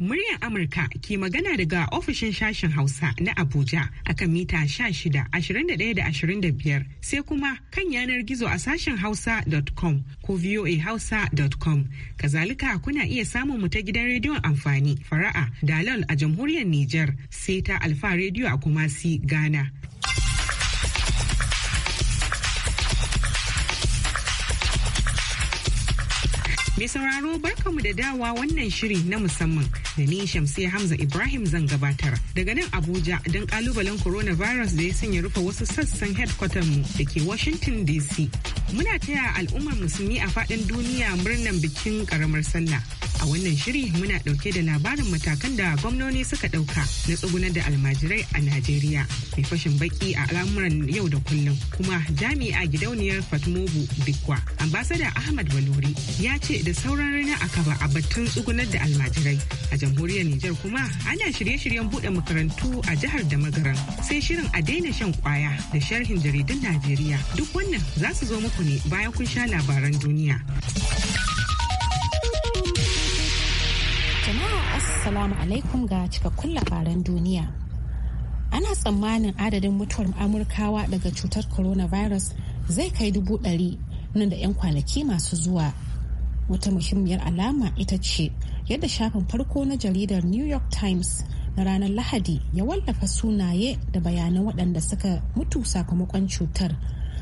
Muryar Amurka ke magana daga ofishin sashen Hausa na Abuja akan mita 16, 21 da 25 sai kuma kan yanar gizo a sashen Hausa.com ko voahausa.com. Kazalika kuna iya samun mu ta gidan rediyon amfani fara'a dalal a jamhuriyar Nijar sai ta Alfa rediyo a Kumasi, Ghana. Mai sauraro mu da dawa wannan shiri na musamman da ni shamsi Hamza Ibrahim zan gabatar daga nan Abuja don kalubalen coronavirus da ya sanya rufe wasu sassan headquarter mu da ke Washington DC. Muna taya al'ummar musulmi a faɗin duniya murnan bikin karamar sallah. A wannan shiri muna ɗauke da labarin matakan da gwamnoni suka ɗauka na tsugunar da almajirai a Najeriya. Mai fashin baki a al'amuran yau da kullum kuma jami'a gidauniyar Fatmobu bikwa Ambasada Ahmad baluri ya ce da sauran rana a kaba a batun tsugunar da almajirai. A jamhuriyar Nijar kuma ana shirye-shiryen buɗe makarantu a jihar da magaran sai shirin a daina shan kwaya da sharhin jaridun Najeriya. Duk wannan za su zo muku ne bayan kun sha labaran duniya. Jama'a Assalamu alaikum ga cikakkun labaran duniya. Ana tsammanin adadin mutuwar Amurkawa daga cutar coronavirus zai kai dubu ɗari nan da 'yan kwanaki masu zuwa. wata muhimmiyar alama ita ce yadda shafin farko na jaridar new york times na ranar lahadi ya wallafa sunaye da bayanan waɗanda suka mutu sakamakon cutar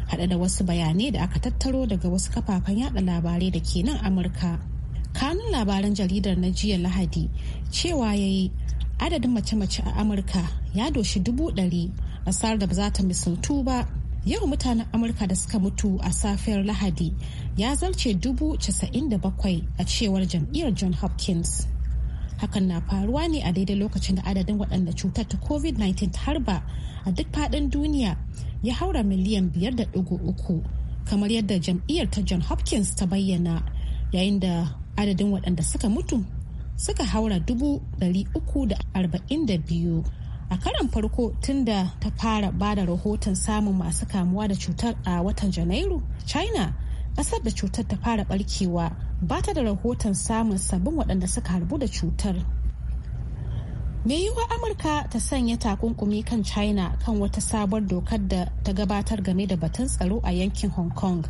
haɗe da wasu bayanai da aka tattaro daga wasu kafafen yada labarai da ke nan amurka kanun labaran jaridar na jiya lahadi cewa ya yi adadin mace-mace a amurka ya doshi dubu ɗari asar da ba za ta misaltu ba Yau mutanen Amurka da suka mutu a safiyar Lahadi ya zarce dubu casa'in da bakwai a cewar jam'iyyar John Hopkins. Hakan na faruwa ne a daidai lokacin da adadin waɗanda cutar ta COVID-19 ta harba a duk faɗin duniya ya haura miliyan biyar da uku kamar yadda jam'iyyar ta John Hopkins ta bayyana yayin da adadin waɗanda suka mutu suka haura dubu uku da arba'in da biyu. a karan farko tun da ta fara ba da rahoton samun masu kamuwa da cutar a watan janairu china ƙasar da cutar ta fara barkewa ba ta da rahoton samun sabbin waɗanda suka harbu da cutar mai yiwuwa amurka ta sanya takunkumi kan china kan wata sabuwar dokar da ta gabatar game da batun tsaro a yankin hong kong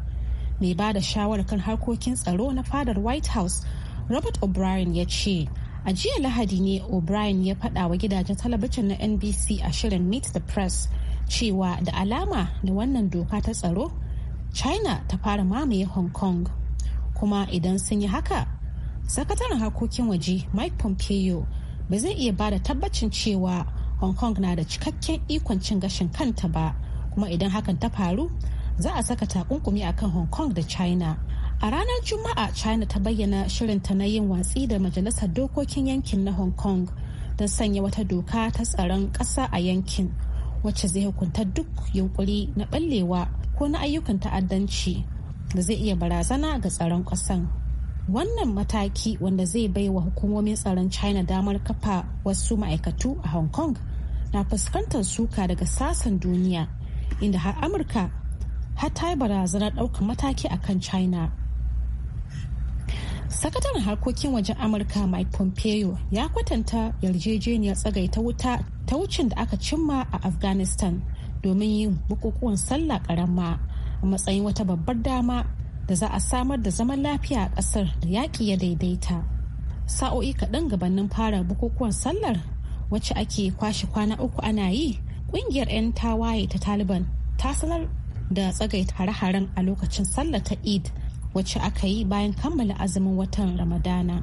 mai ba da shawarar kan harkokin tsaro na fadar white house robert o'brien ya ce A jiya Lahadi ne O'Brien ya faɗa wa gidajen talabijin na NBC a shirin Meet the Press cewa da alama da wannan doka ta tsaro, China ta fara mamaye Hong Kong. Kuma idan sun yi haka, sakataren harkokin waje Mike Pompeo ba zai iya ba da tabbacin cewa Hong Kong na da cikakken ikon cin gashin kanta ba, kuma idan hakan ta faru, za a saka takunkumi akan Hong Kong da China. A ranar Juma'a China ta bayyana shirinta na yin watsi da Majalisar Dokokin Yankin na Hong Kong don sanya wata doka ta tsaron ƙasa a yankin wacce zai hukunta duk yunkuri na ɓallewa ko na ayyukan ta'addanci da zai iya barazana ga tsaron ƙasan. Wannan mataki wanda zai bai wa hukumomin tsaron China damar kafa wasu ma'aikatu a Hong Kong na fuskantar suka daga sasan duniya inda har Amurka har ta yi barazanar ɗaukar mataki a kan China. sakataren harkokin wajen amurka mike pompeo ya kwatanta yarjejeniyar tsagaita wuta ta wucin da aka cimma a afghanistan domin yin bukukuwan sallah karama a matsayin wata babbar dama da za a samar da zaman lafiya a kasar da yaƙi ya daidaita sa'o'i kaɗan gabanin fara bukukuwan sallar wacce ake kwashe kwana uku ana yi ƙungiyar 'yan tawaye ta taliban ta sanar da tsagaita hare-haren a lokacin sallar ta eid wacce aka yi bayan kammala azumin watan ramadana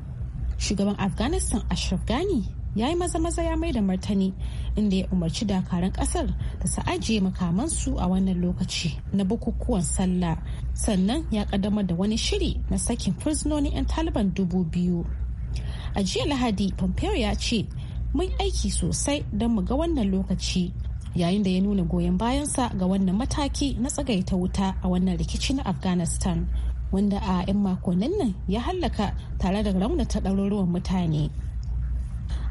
shugaban afghanistan ashraf ghani ya yi maza-maza ya mai da martani inda ya umarci dakaran kasar da su ajiye makamansu a wannan lokaci na bukukuwan sallah sannan ya kaddamar da wani shiri na sakin fursunonin 'yan taliban dubu biyu a jiya lahadi pompeo ya ce mun aiki sosai don mu ga wannan lokaci yayin da ya nuna goyon bayansa ga wannan mataki na tsagaita wuta a wannan rikici na afghanistan wanda a 'yan makonnin nan ya hallaka tare da raunata ɗaruruwan mutane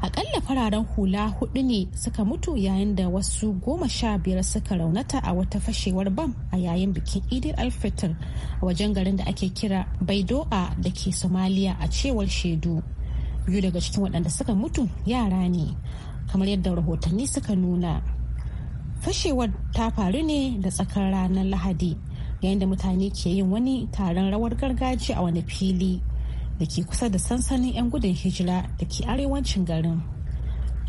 akalla fararen hula hudu ne suka mutu yayin da wasu goma sha biyar suka raunata a wata fashewar bam a yayin bikin idil alfitr a wajen garin da ake kira baidoa da ke somaliya a cewar shaidu biyu daga cikin waɗanda suka mutu yara ne kamar yadda rahotanni suka nuna fashewar ta faru ne da tsakar ranar lahadi yayin da mutane ke yin wani taron rawar gargajiya a wani fili da ke kusa da sansanin 'yan gudun hijira da ke arewacin garin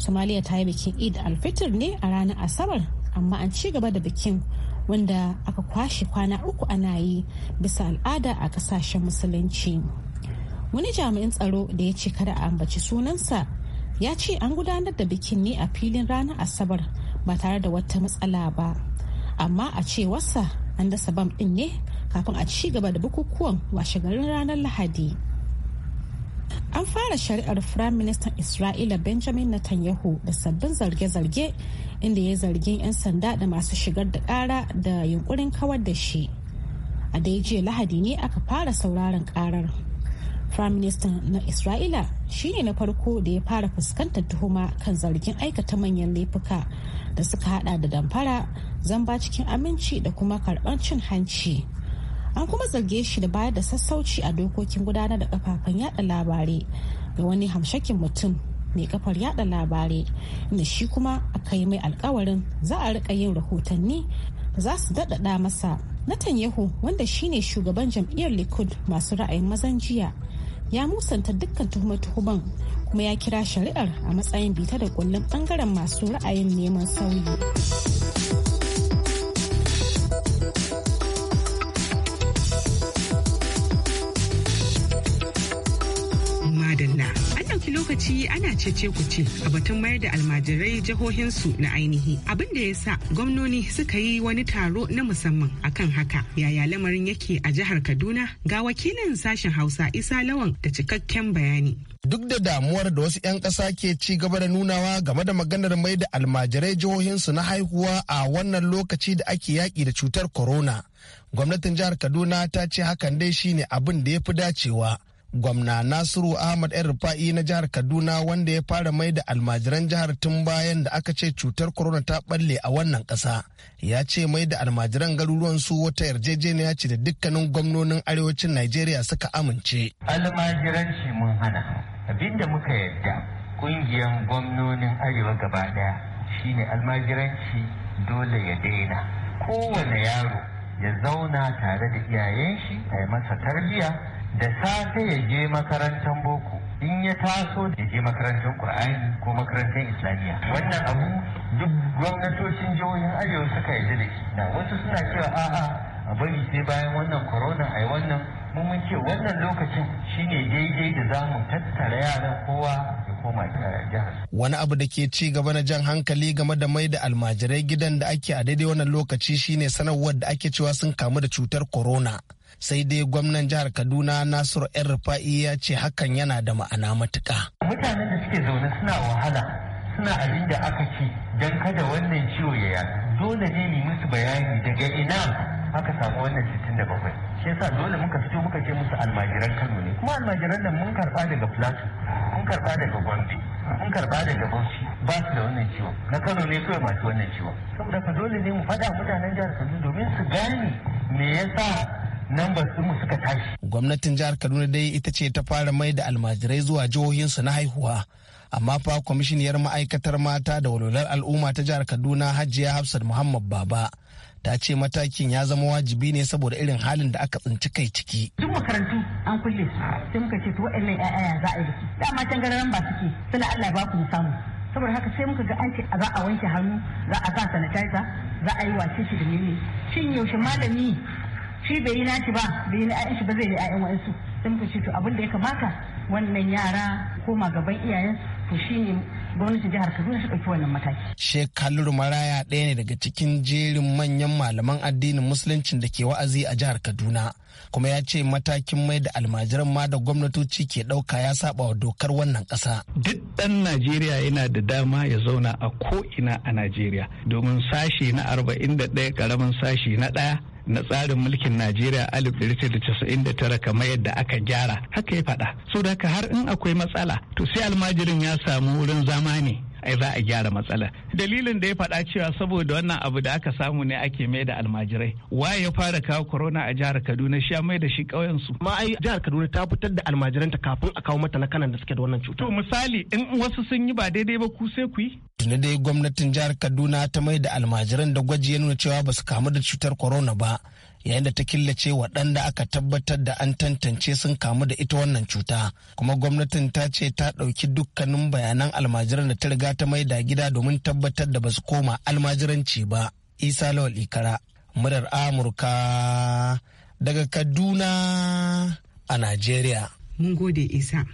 Somalia ta yi bikin eid Alfitr ne a ranar asabar amma an ci gaba da bikin wanda aka kwashe kwana uku ana yi bisa al'ada a kasashen musulunci wani jami'in tsaro da ya ce kada a ambaci sunansa ya ce an gudanar da bikin ne a filin ranar asabar ba tare da wata matsala ba amma a ce wasa. an dasa bam ɗin ne kafin a ci gaba da bukukuwan garin ranar lahadi an fara shari'ar firayim ministan isra'ila benjamin netanyahu da sabbin zarge-zarge inda ya zargin 'yan sanda da masu shigar da kara da yunkurin kawar da shi a jiya lahadi ne aka fara sauraron karar Prime Minister na Isra'ila shine na farko da ya fara fuskantar tuhuma kan zargin aikata manyan laifuka da suka hada da damfara, zamba cikin aminci da kuma karɓar cin hanci. An kuma zarge shi da bayar da sassauci a dokokin gudanar da kafafen yada labarai ga wani hamshakin mutum mai kafar yada labarai inda shi kuma aka yi mai alkawarin za a rika yin rahotanni za su daɗaɗa masa Netanyahu wanda shine shugaban jam'iyyar Likud masu ra'ayin mazan jiya ya musanta dukkan tuhume-tuhumen kuma ya kira shari'ar a matsayin bita da kullum bangaren masu ra'ayin neman sauyi. ɗauki lokaci ana cece ku ce a batun mayar da almajirai jihohinsu na ainihi. Abin da ya sa gwamnoni suka yi wani taro na musamman akan haka. Yaya lamarin yake a jihar Kaduna? Ga wakilin sashen Hausa Isa Lawan da cikakken bayani. Duk da damuwar da wasu 'yan ƙasa ke ci gaba da nunawa game da maganar mai da almajirai jihohinsu na haihuwa a wannan lokaci da ake yaƙi da cutar corona. Gwamnatin jihar Kaduna ta ce hakan dai shine abin da ya fi dacewa. gwamna nasiru ahmad yan rufa'i na jihar kaduna wanda ya fara mai da almajiran jihar tun bayan da aka ce cutar corona ta balle a wannan ƙasa ya ce mai da almajiran garuruwan su wata yarjejeniya ce da dukkanin gwamnonin arewacin najeriya suka amince shi mun hana abinda muka yarda ƙungiyar gwamnonin arewa gaba ɗaya shine almajiranci dole ya daina kowane yaro ya zauna tare da iyayen shi a masa tarbiyya da safe ya je makarantar boko in ya taso da je makarantar Kur'ani ko makarantar islamiyya wannan abu duk gwamnatocin jihohin arewa suka yi da shi na wasu suna cewa a'a a bari sai bayan wannan corona A wannan mun mun ce wannan lokacin shine daidai da za mu tattara yaran kowa ya koma jihar wani abu da ke ci gaba na jan hankali game da mai da almajirai gidan da ake a daidai wannan lokaci shine sanarwar da ake cewa sun kamu da cutar corona sai dai gwamnan jihar kaduna nasiru yan rufa'i ya ce hakan yana da ma'ana matuka mutanen da suke zaune suna wahala suna abin da aka ci don kada wannan ciwo ya dole ne mu musu bayani daga ina aka samu wannan sittin da bakwai shi yasa dole muka fito muka ce musu almajiran kano ne kuma almajiran nan mun karba daga plateau mun karba daga gombe mun karba daga bauchi ba su da wannan ciwo na kano ne kawai masu wannan ciwo saboda ka dole ne mu faɗa mutanen jihar kaduna domin su gane me yasa nambar suka tashi. Gwamnatin jihar Kaduna dai ita ce ta fara mai da almajirai zuwa jihohinsu na haihuwa. Amma fa kwamishiniyar ma'aikatar mata da walwalar al'umma ta jihar Kaduna Hajiya Hafsat Muhammad Baba ta ce matakin ya zama wajibi ne saboda irin halin da aka tsinci kai ciki. Duk makarantu an kulle su sai muka ce to wa'annan ƴaƴa za a yi da dama can gararan ba suke suna Allah ba ku samu saboda haka sai muka ga an ce za a wanke hannu za a sa sanitizer za a yi wace shi da mene shin yaushe malami shi bai yi nashi ba bai yi na'ayan shi ba zai yi na'ayan wa'insu su muka ce to abin da ya kamata wannan yara koma gaban iyayen to shine gwamnatin jihar kaduna su ɗauki wannan mataki. Shekaru maraya ɗaya ne daga cikin jerin manyan malaman addinin musuluncin da ke wa'azi a jihar kaduna kuma ya ce matakin mai da almajiran ma da gwamnatoci ke ɗauka ya saba wa dokar wannan ƙasa. duk ɗan najeriya yana da dama ya zauna a ko'ina a najeriya domin sashi na arba'in da ɗaya ƙaramin sashi na ɗaya na tsarin mulkin Najeriya da 1999 kamar yadda aka gyara haka ya faɗa. So da haka har in akwai matsala to sai almajirin ya samu wurin zama ne ai za a gyara matsala. dalilin da ya faɗa cewa saboda wannan abu da aka samu ne ake mai da almajirai waye ya fara kawo corona a jihar kaduna shi mai da shi ƙauyen su ma ai jihar kaduna ta fitar da almajiranta kafin a kawo mata na kanan da suke da wannan cuta to misali in wasu sun yi ba daidai ba ku sai ku yi tunda dai gwamnatin jihar kaduna ta mai da almajiran da gwaji ya nuna cewa ba su kamu da cutar corona ba yayin da ta killace waɗanda aka tabbatar da an tantance sun kamu da ita wannan cuta kuma gwamnatin ta ce ta ɗauki dukkanin bayanan almajiran da ta riga ta mai da gida domin tabbatar da ba su koma almajiranci ba isa lawal ikara murar amurka daga kaduna a najeriya mun gode isa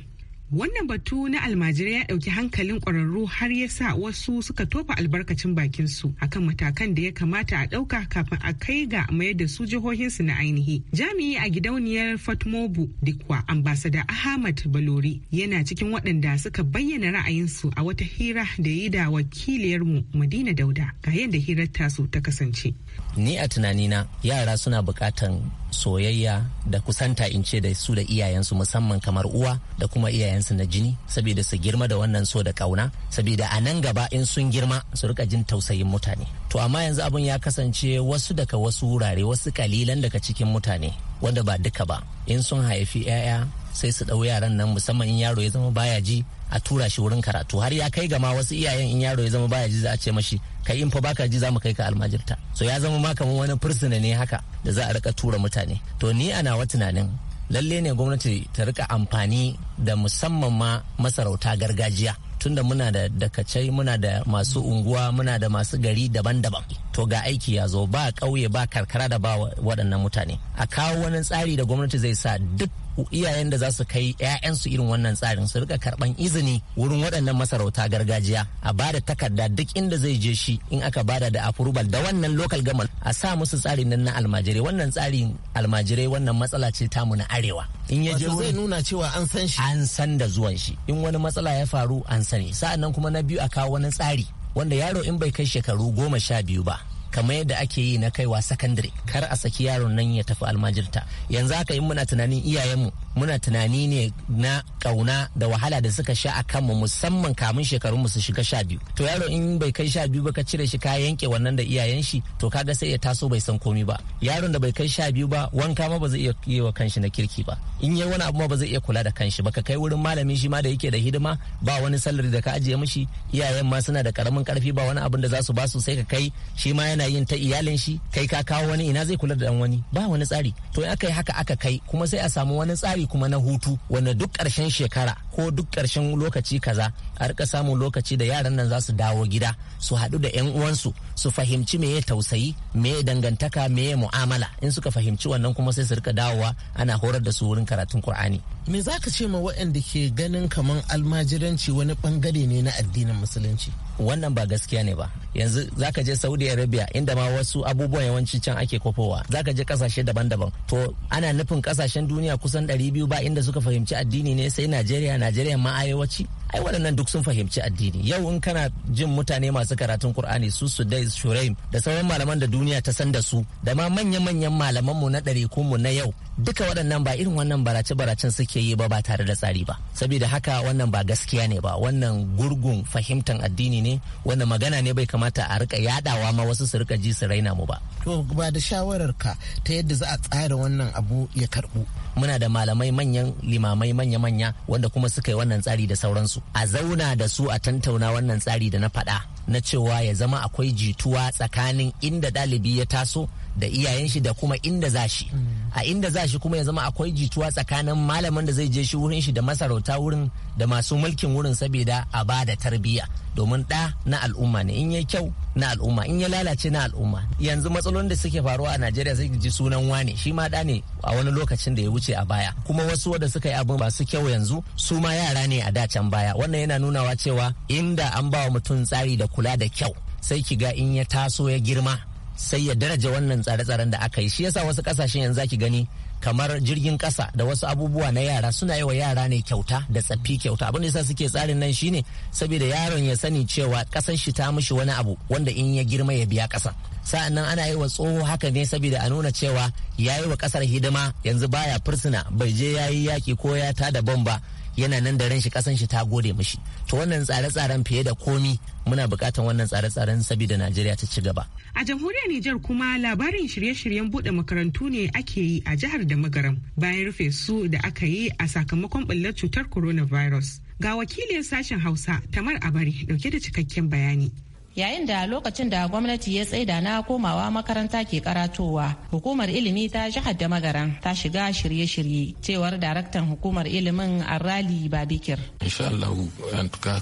Wannan batu na almajirai ya ɗauki hankalin ƙwararru har ya sa wasu suka tofa albarkacin bakinsu akan matakan da ya kamata a ɗauka kafin a kai ga mayar da su jihohinsu na ainihi. Jami'i a gidauniyar Fatmobu Dikwa ambasada Ahmad Balori yana cikin waɗanda suka bayyana ra'ayinsu a wata hira da yi da wakiliyarmu Madina Dauda ga yadda hirar tasu ta kasance. Ni a tunanina yara suna buƙatan soyayya da kusanta in ce da su da iyayensu musamman kamar uwa da kuma iyayensu na jini saboda su girma da wannan so da kauna saboda a nan gaba in sun girma su rika jin tausayin mutane to amma yanzu abin ya kasance wasu daga wasu wurare wasu kalilan daga cikin mutane wanda ba duka ba in sun haifi 'ya'ya sai su ɗau yaran nan musamman in yaro ya zama baya ji a tura shi wurin karatu har ya kai gama wasu iyayen in yaro ya zama baya ji za a ce mashi ka in fa baka ji za kai ka almajirta so ya zama ma kamar wani fursuna ne haka da za a rika tura mutane to ni ana wa tunanin lalle ne gwamnati ta rika amfani da musamman ma masarauta gargajiya tunda muna da dakacai muna da masu unguwa muna da masu gari daban-daban to ga aiki ya zo ba ƙauye ba karkara da ba waɗannan mutane a kawo wani tsari da gwamnati zai sa duk iyayen da za su kai 'ya'yansu irin wannan tsarin su rika karban izini wurin waɗannan masarauta gargajiya a ba da takarda duk inda zai je shi in aka ba da approval da wannan lokal government a sa musu tsarin nan na almajirai wannan tsarin almajirai wannan matsala ce tamu na arewa in ya je zai nuna cewa an san shi an san da zuwan shi in wani matsala ya faru an sani sa'annan kuma na biyu a kawo wani tsari wanda yaro in bai kai shekaru goma sha biyu ba kamar yadda ake yi na kaiwa sakandare kar a saki yaron nan ya tafi almajirta yanzu haka in muna tunanin iyayenmu muna tunani ne na kauna da wahala da suka sha a kanmu musamman kamun shekarun mu su shiga sha biyu to yaro in bai kai sha biyu ba ka cire shi ka yanke wannan da iyayen shi to kaga sai ya taso bai san komi ba yaron da bai kai sha biyu ba wanka ma ba zai iya yi wa kanshi na kirki ba in yi wani abu ma ba zai iya kula da kanshi ba ka kai wurin malamin shi ma da yake da hidima ba wani salari da ka ajiye mishi iyayen ma suna da karamin karfi ba wani abin da za su ba su sai ka kai shi ma yana yin ta iyalin shi kai ka kawo wani ina zai kula da dan wani ba wani tsari to in aka yi haka aka kai kuma sai a samu wani tsari kuma na hutu wanda duk ƙarshen shekara ko duk ƙarshen lokaci kaza a rika samun lokaci da yaran nan za su dawo gida su haɗu da 'yan uwansu su fahimci me ya tausayi me ya dangantaka me ya mu'amala in suka fahimci wannan kuma sai su rika dawowa ana horar da su wurin karatun Kur'ani. Me za ka ce ma waɗanda ke ganin kamar almajiranci wani bangare ne na addinin musulunci? Wannan ba gaskiya ne ba. Yanzu za ka je Saudi Arabia inda ma wasu abubuwan yawanci can ake kofowa. Za ka je kasashe daban-daban. To ana nufin ƙasashen duniya kusan ɗari 200 ba inda suka fahimci addini ne sai Najeriya na najeriya ma arewaci ai waɗannan duk sun fahimci addini yau in kana jin mutane masu karatun qur'ani su su dai shuraim da sauran malaman da duniya ta san da su da ma manyan manyan malaman mu na ɗari mu na yau duka waɗannan ba irin wannan barace baracen suke yi ba ba tare da tsari ba saboda haka wannan ba gaskiya ne ba wannan gurgun fahimtar addini ne wannan magana ne bai kamata a rika yadawa ma wasu su rika ji su raina mu ba to ba da shawarar ka ta yadda za a tsara wannan abu ya karbu muna da malamai manyan limamai manya manya wanda kuma suka yi wannan tsari da sauransu su a zauna da su a tantauna wannan tsari da na faɗa na cewa ya zama akwai jituwa tsakanin inda ɗalibi ya taso da iyayen shi da kuma inda za shi a inda za shi kuma ya zama akwai jituwa tsakanin malamin da zai je shi wurin shi da masarauta wurin da masu mulkin wurin saboda a ba da tarbiyya domin ɗa na al'umma ne in ya kyau na al'umma in ya lalace na al'umma yanzu matsalolin da suke faruwa a najeriya sai ji sunan wane shi ma da ne a wani lokacin da ya wuce a baya kuma wasu wanda suka yi abin ba su kyau yanzu su ma yara ne a dacan baya wannan yana nunawa cewa inda an ba wa mutum tsari da kula da kyau sai ki ga in ya taso ya girma sai ya daraja wannan tsare-tsaren da aka yi shi yasa wasu kasashen yanzu ki gani kamar jirgin kasa da wasu abubuwa na yara suna yi wa yara ne kyauta da tsaffi kyauta abin da yasa suke tsarin nan shine saboda yaron ya sani cewa kasan shi ta mishi wani abu wanda in ya girma ya biya kasa sa'an nan ana yi wa tsoho haka ne saboda a nuna cewa yayi wa kasar hidima yanzu baya fursuna bai je yayi yaki ko ya tada bomba yana nan da ran shi kasan shi ta gode mishi to wannan tsare-tsaren fiye da komi muna bukatan wannan tsare-tsaren saboda Najeriya ta ci gaba a jamhuriyar Nijar kuma labarin shirye-shiryen bude makarantu ne ake yi a jihar da magaram bayan rufe su da aka yi a sakamakon bullar cutar coronavirus ga wakilin sashen Hausa Tamar Abari dauke da cikakken bayani yayin da lokacin da gwamnati ya tsaida na komawa makaranta ke karatowa hukumar ilimi ta jihar da magaran ta shiga shirye-shirye cewar daraktan hukumar ilimin arali babikir insha Allah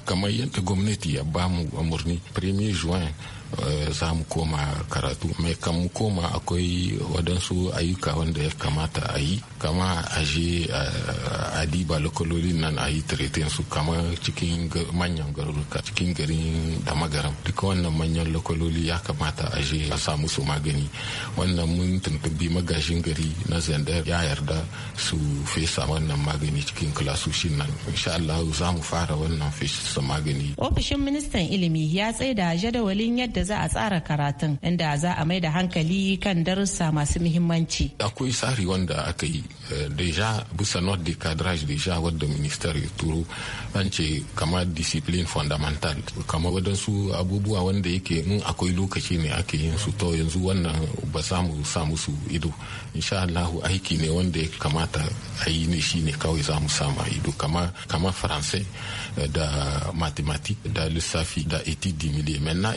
kamar yadda gwamnati ya bamu umarni premier juin Eh, za mu koma karatu mai kan mu koma akwai waɗansu ayyuka wanda ya kamata a yi kama a je eh, a diba lokalolin nan a yi tiretin su kama cikin manyan garuruka cikin garin da magaram duka wannan manyan lokaloli ya kamata a je a samu su magani wannan mun tuntubi magashin gari na zandar ya yarda su fesa wannan magani cikin kilasoshin nan insha Allah za mu fara wannan fesa magani ofishin ministan ilimi ya tsaida jadawalin yadda yadda za a tsara karatun inda za a mai da hankali kan darussa masu muhimmanci. Akwai tsari wanda aka yi eh, deja bisa not de cadrage deja wadda minister ya turo an ce kama discipline fundamental kama wadansu abubuwa wanda yake in akwai lokaci ne ake yin su to yanzu wannan ba samu sa musu ido insha Allah aiki ne wanda ya kamata a yi ne shine kawai za mu samu ido kama kama faransai eh, da mathematics da lissafi da etidi maintenant na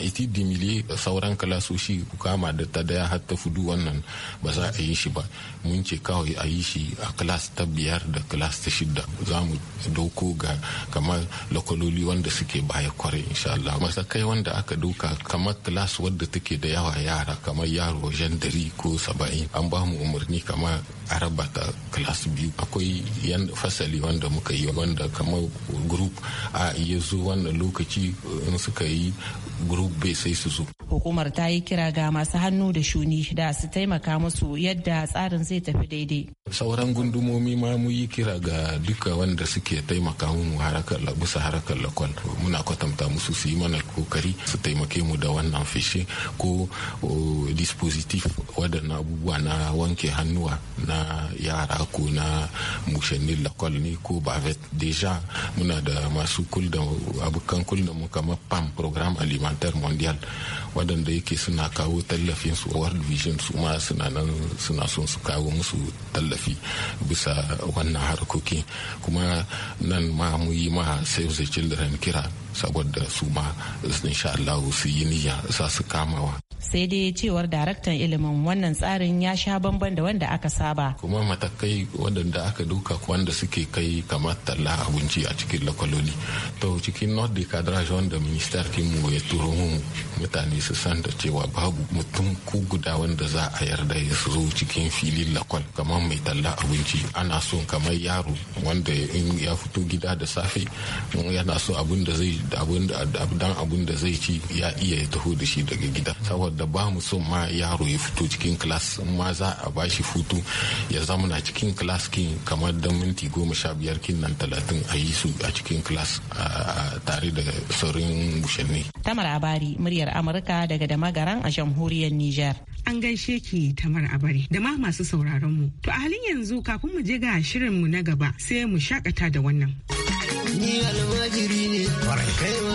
sauran kalasoshi kama da ta daya har ta fudu wannan ba za a yi shi ba mun ce kawai a yi shi a kilas ta biyar da kilas ta shida za mu doko ga kamar lokaloli wanda suke baya kware insha Allah masakai wanda aka dauka kamar kilas wadda take da yawa yara kamar yaro wajen dari ko saba'in an ba mu umarni kamar a raba ta kilas biyu akwai yan fasali wanda muka yi wanda kamar group a iya zo wannan lokaci in suka yi group bai sai su zo. Hukumar ta yi kira ga masu hannu da shuni da su taimaka musu yadda tsarin zai tafi daidai. Sauran gundumomi ma mu yi kira ga duka wanda suke taimaka mu harakar labusa harakar lakwal muna kwatanta musu su yi mana kokari su taimake mu da wannan fishe ko dispositif waɗannan abubuwa na wanke hannuwa na yara ko na mushannin lakwal ne ko bavet deja muna da masu kul da abokan kul mu kamar pam program alimentar mondial waɗanda yake suna kawo tallafin su world vision su ma suna nan suna son su kawo musu tallafi bisa wannan harkoki kuma nan ma mu yi ma save the children kira saboda su ma insha Allah su yi niyya sa su kamawa sai dai cewar daraktan ilimin wannan tsarin ya sha bamban da wanda aka saba kuma matakai wadanda aka duka wanda suke kai kamar talla abinci a cikin lakwaloli to cikin north de cadrage wanda ministar mu ya turo mu mutane su san da cewa babu mutum ko guda wanda za a yarda ya zo cikin filin lakwal kamar mai talla abinci ana son kamar yaro wanda in ya fito gida da safe yana so abin da zai dan abun da zai ci ya iya ya taho da shi daga gida saboda ba mu son ma yaro ya fito cikin kilas ma za a ba shi hutu ya zamana cikin klas kin kamar da minti goma sha biyar kin nan talatin a yi su a cikin kilas tare da saurin bushanni. Tamar Abari muryar Amurka daga Damagaran a jamhuriyar Nijar. An gaishe ki Tamar Abari da ma masu sauraron mu. To a halin yanzu kafin mu je ga shirin mu na gaba sai mu shakata da wannan. ni almajiri ne kai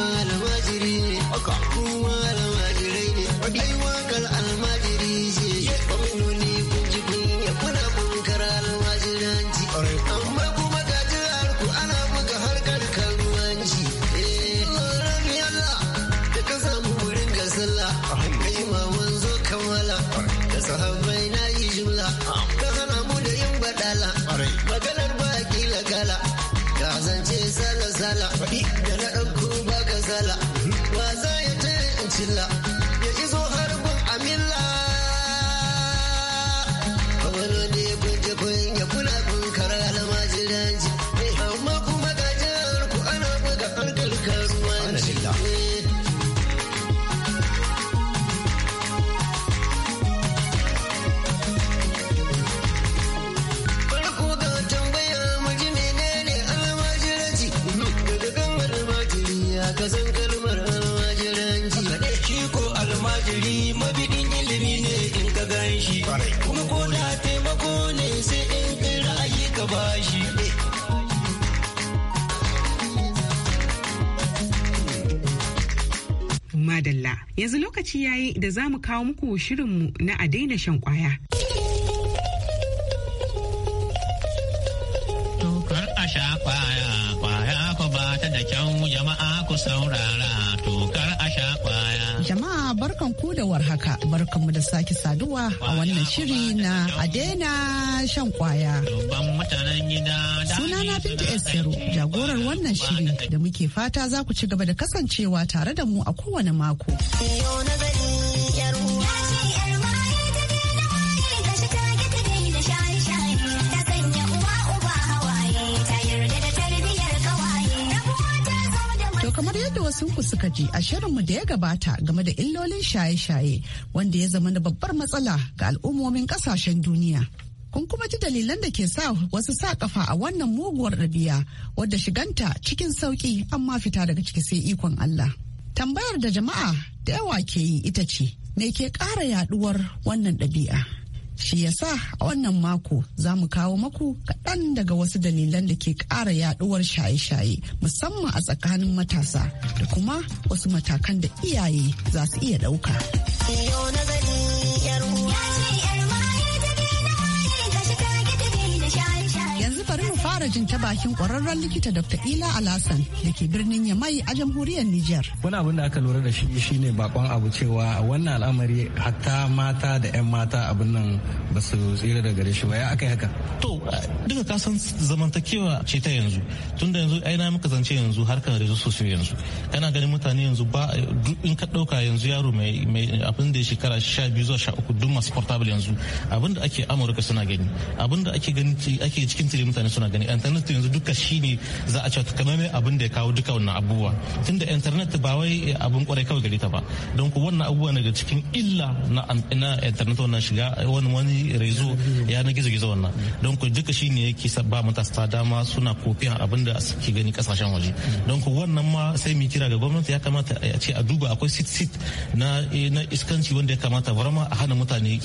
madalla yanzu lokaci yayi da za mu kawo muku shirinmu na a daina shan kwaya ku da warhaka barkanmu da sake saduwa a wannan shiri na a shan kwaya. Sunana Binta Esero jagorar wannan shiri da muke fata za ku ci gaba da kasancewa tare da mu a kowane mako. da wasu ku suka ji a shirinmu da ya gabata game da illolin shaye-shaye wanda ya zama na babbar matsala ga al'ummomin kasashen duniya. Kun kuma ji dalilan da ke sa wasu sa kafa a wannan muguwar ɗabi'a wadda shiganta cikin sauƙi amma fita daga ciki sai ikon Allah. Tambayar da jama'a da yawa ke yi ita ce, me ke ƙara yaɗuwar wannan ɗabi'a? Shi yasa a wannan mako za mu kawo maku kaɗan daga wasu dalilan da ke ƙara yaɗuwar shaye-shaye musamman a tsakanin matasa da kuma wasu matakan da iyaye za su iya ɗauka. fara jin ta bakin kwararren likita Dr. Ila Alasan da ke birnin Yamai a jamhuriyar Nijar. Wani abin da aka lura da shi shine bakon abu cewa wannan al'amari hatta mata da 'yan mata abin nan ba su tsira da gare shi ba ya aka haka. To duka ka san zamantakewa ce ta yanzu tunda yanzu ai na muka zance yanzu harkar rezo sosai yanzu kana ganin mutane yanzu ba in ka dauka yanzu yaro mai abin da ya shekara sha biyu zuwa sha uku duk masu portable yanzu abin da ake Amurka suna gani abin da ake gani ake cikin tire mutane suna gani internet yanzu duka shine za a ce takamaimai abin da ya kawo duka wannan abubuwa tunda internet ba wai abin kwarai kawai gare ta ba don ku wannan abubuwa daga cikin illa na internet wannan shiga wani wani rezo ya na gizo gizo wannan don ku duka shine yake ba matasa dama suna kofiyan abin da suke gani kasashen waje don ku wannan ma sai mu kira ga gwamnati ya kamata a ce a duba akwai sit sit na eh, na iskanci wanda ya kamata barama a hana mutane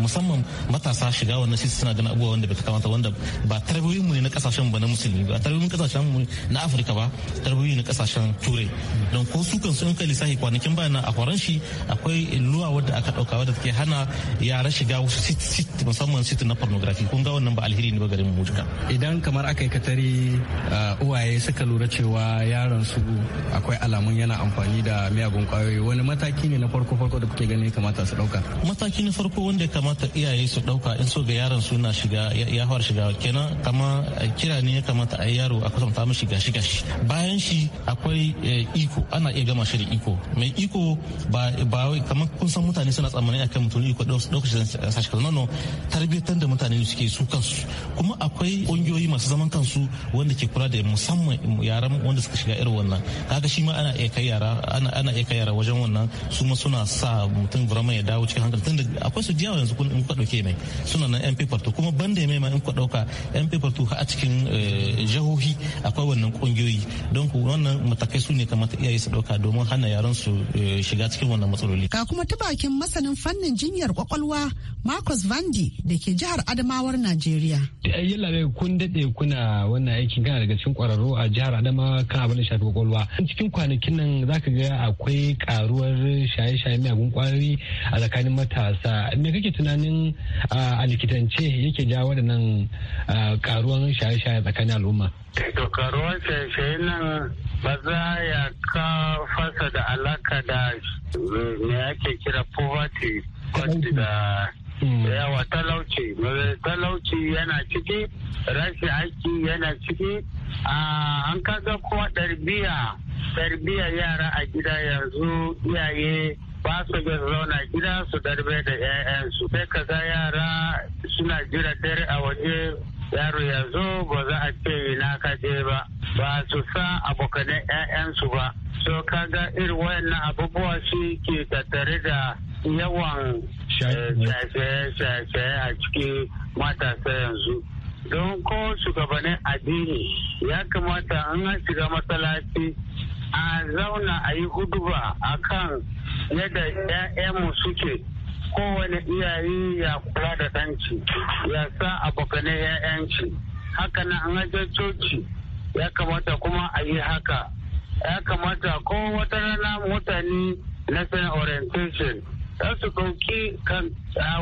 musamman matasa shiga wannan sit suna gani abubuwa wanda bai kamata wanda ba tarbiyyar mu ne na kasashen ba na musulmi ba tarbiyyun kasashen mu na afirka ba tarbiyyu na kasashen turai don ko su kansu in kai lissafi kwanakin ba a kwaran shi akwai luwa wadda aka dauka wadda take hana yara shiga wasu sit sit musamman sit na pornography kun ga wannan ba alheri ne ba garin mu idan kamar aka yi katari ah, uwaye suka lura cewa yaron su akwai alamun yana amfani da miyagun kwayoyi wani mataki ne na farko farko da kuke ganin kamata su dauka mataki na farko wanda ya kamata iyaye su dauka in so ga yaron su na shiga ya fara shiga kenan kama kira ne ya kamata a yaro a kusanta mashi gashi gashi bayan shi akwai eh, iko ana iya gama shi da iko mai iko ba kamar kun san mutane suna tsammanin akan mutum iko shi sashi kalma no tarbiyyar da mutane suke su kansu kuma akwai ƙungiyoyi masu zaman kansu wanda ke kula da musamman yaran wanda suka shiga irin wannan kaga shi ma ana iya kai yara ana ana iya kai yara wajen wannan su ma suna sa mutum vraiment ya dawo cikin hankali tunda akwai su jiyawa yanzu kun in kuka dauke mai suna nan yan paper to kuma banda mai ma in kuka dauka yan paper to cikin eh, jihohi akwai wannan kungiyoyi don ku wannan matakai su ne kamata iyaye su dauka domin hana yaran su eh, shiga cikin wannan matsaloli ka kuma ta bakin masanin fannin jinyar kwakwalwa Marcus Vandi da ke jihar Adamawar Najeriya eh, yalla bai kun dade kuna wannan aikin kana daga cikin kwararru a jihar Adamawa kan abin da shafi kwakwalwa cikin kwanakin nan zaka ga akwai karuwar shaye-shaye miyagun kwayoyi a tsakanin matasa me kake tunanin ah, a likitance yake jawo waɗannan karuwar. Ah, shaye-shaye tsakanin al'umma? To karuwan shaye-shaye nan ba za ya ka fasa da alaka da me ake kira poverty da mm. yawa talauci talauci yana ciki rashin aiki yana ciki an kaga kowa ɗarbiya ɗarbiya yara a gida yanzu iyaye ba su ga zauna gida su darbe da 'ya'yansu sai kaga yara suna jira dare a waje yaro ya zo ba za a ce ina ka je ba ba su sa abokanan 'ya'yansu ba so ga irin wayannan abubuwa shi ke tattare da yawan eh, shaye-shaye a cikin matasa yanzu don ko shugabannin addini ya kamata an shiga masallaci a zauna a yi huduba a kan yadda 'ya'yanmu suke kowane iyaye ya kula da ɗanci ya sa abokane ya'yanci haka na an coci ya kamata kuma a yi haka ya kamata ko wata rana mutane na san orientation za su ɗauki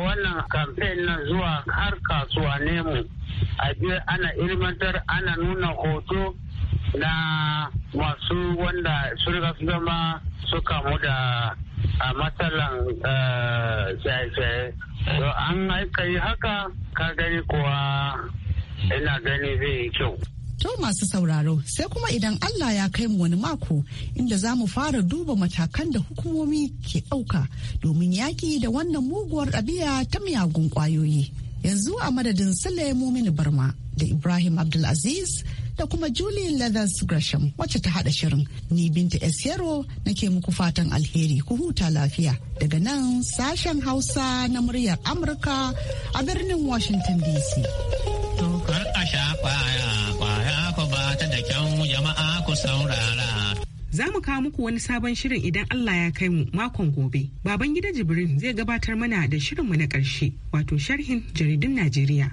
wannan kamfen nan zuwa har kasuwa nemu a biya ana ilmantar ana nuna hoto na masu wanda su zama su kamu da a matsalan zai eh, shaye to an aika yi haka ka gani kuwa ina gani zai yi kyau To masu sauraro sai kuma idan Allah ya kai mu wani mako inda za mu fara duba matakan da hukumomi ke ɗauka domin yaƙi da wannan muguwar ɗabi'a ta miyagun ƙwayoyi. Yanzu a madadin Sule mumin Barma da Ibrahim Abdulaziz da kuma Julie Leathers Gresham wacce ta hada shirin. Ni Binta S. Yaro nake muku fatan alheri ku huta lafiya daga nan sashen Hausa na muryar Amurka a birnin Washington DC. Tukar a kwaya, kwaya ku ba da kyau jama'a ku saurara. za mu kawo muku wani sabon shirin idan Allah ya kai mu makon gobe. Baban gida Jibrin zai gabatar mana da shirin mu na ƙarshe, wato sharhin jaridun Najeriya.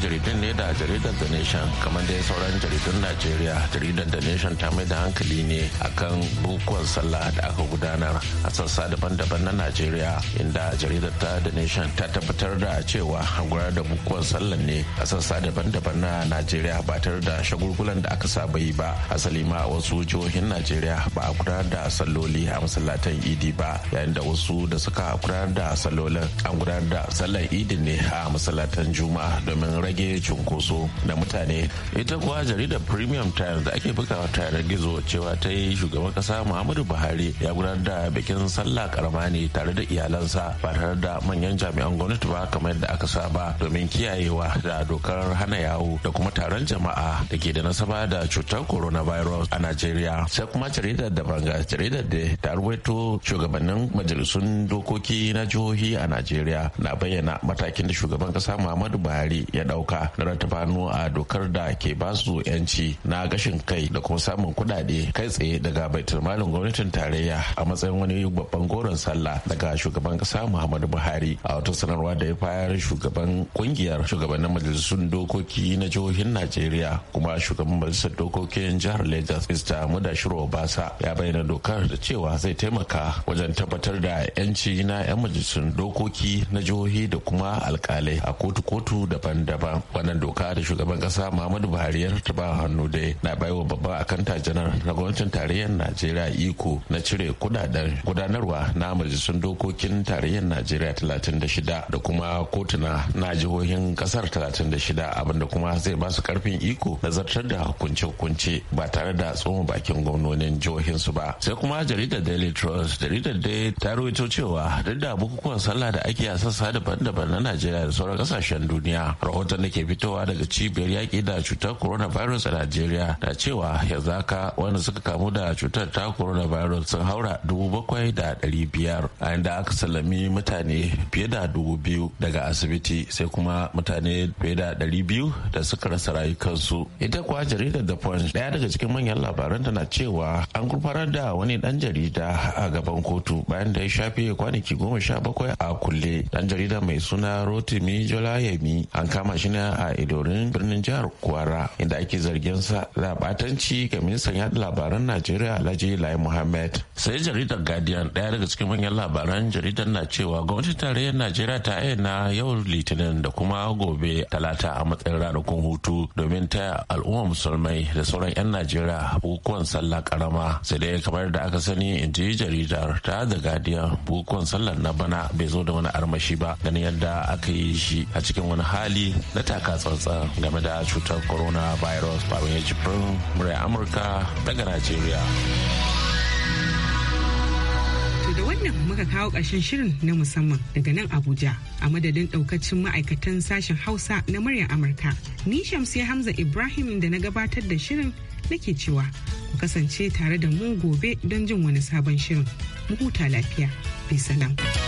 jaridun ne da jaridar the nation kamar dai sauran jaridun najeriya jaridar the nation ta mai da hankali ne akan bukuwan sallah da aka gudanar a sassa daban-daban na najeriya inda jaridar ta the nation ta tabbatar da cewa gudanar da bukuwan sallan ne a sassa daban-daban na najeriya ba tare da shagulgulan da aka saba yi ba asali ma wasu jihohin najeriya ba a gudanar da salloli a masallatan idi ba yayin da wasu da suka gudanar da sallolin an gudanar da sallar idi ne a masallatan juma'a domin rai. rage cunkoso da mutane ita kuwa jaridar premium times da ake bugawa ta yanar gizo cewa ta yi shugaban kasa muhammadu buhari ya gudanar da bikin sallah karama ne tare da iyalansa ba tare da manyan jami'an gwamnati ba kamar yadda aka saba domin kiyayewa da dokar hana yawo da kuma taron jama'a da ke da nasaba da cutar coronavirus a najeriya sai kuma jaridar da banga jaridar da ta ruwaito shugabannin majalisun dokoki na jihohi a najeriya na bayyana matakin da shugaban kasa muhammadu buhari ya dau dauka na rattafa a dokar da ke basu yanci na gashin kai da kuma samun kudade kai tsaye daga baitul malin gwamnatin tarayya a matsayin wani babban goron sallah daga shugaban kasa muhammadu buhari a wata sanarwa da ya fayar shugaban kungiyar shugabannin majalisun dokoki na jihohin najeriya kuma shugaban majalisar dokokin jihar lagos mr mudashiru obasa ya bayyana dokar da cewa zai taimaka wajen tabbatar da yanci na 'yan majalisun dokoki na jihohi da kuma alkalai a kotu-kotu daban-daban wannan doka da shugaban kasa muhammadu buhari ya ba hannu dai na bai wa babban akanta janar na gwamnatin tarayyar najeriya iko na cire kudaden gudanarwa na majalisun dokokin tarayyar najeriya 36 da kuma kotuna na jihohin kasar 36 abinda kuma zai ba su karfin iko na zartar da hukunce-hukunce ba tare da tsoma bakin gwamnonin su ba sai kuma jaridar daily trust jaridar dai ta rawaito cewa duk da bukukuwan sallah da ake a sassa daban-daban na najeriya da sauran kasashen duniya rahoton da ke fitowa daga cibiyar yaƙi da cutar coronavirus a najeriya da cewa yanzu haka wanda suka kamu da cutar ta coronavirus sun haura dubu bakwai da ɗari biyar a inda aka sallami mutane fiye da dubu biyu daga asibiti sai kuma mutane fiye da ɗari biyu da suka rasa rayukansu ita kuwa jaridar da punch ɗaya daga cikin manyan labaran tana cewa an gurfanar da wani ɗan jarida a gaban kotu bayan da ya shafe kwanaki goma sha bakwai a kulle ɗan jarida mai suna rotimi jolayemi an kama shi majina a idorin birnin jihar kwara inda ake zargin sa da batanci ga ministan yaɗa labaran najeriya alhaji lai muhammad sai jaridar guardian ɗaya daga cikin manyan labaran jaridar na cewa gwamnatin tarayyar najeriya ta ayyana yau litinin da kuma gobe talata a matsayin ranakun hutu domin ta Al'umma musulmai da sauran 'yan najeriya bukukuwan sallah karama sai dai kamar da aka sani in ji jaridar ta da guardian bukukuwan sallah na bana bai zo da wani armashi ba ganin yadda aka yi shi a cikin wani hali na taka tsantsan game da cutar coronavirus babin ya jibrin murya amurka daga najeriya da wannan muka kawo ƙarshen shirin na musamman daga nan abuja a madadin ɗaukacin ma'aikatan sashen hausa na murya amurka ni shamsiya hamza ibrahim da na gabatar da shirin nake cewa ku kasance tare da mu gobe don jin wani sabon shirin mu huta lafiya bisalam. salam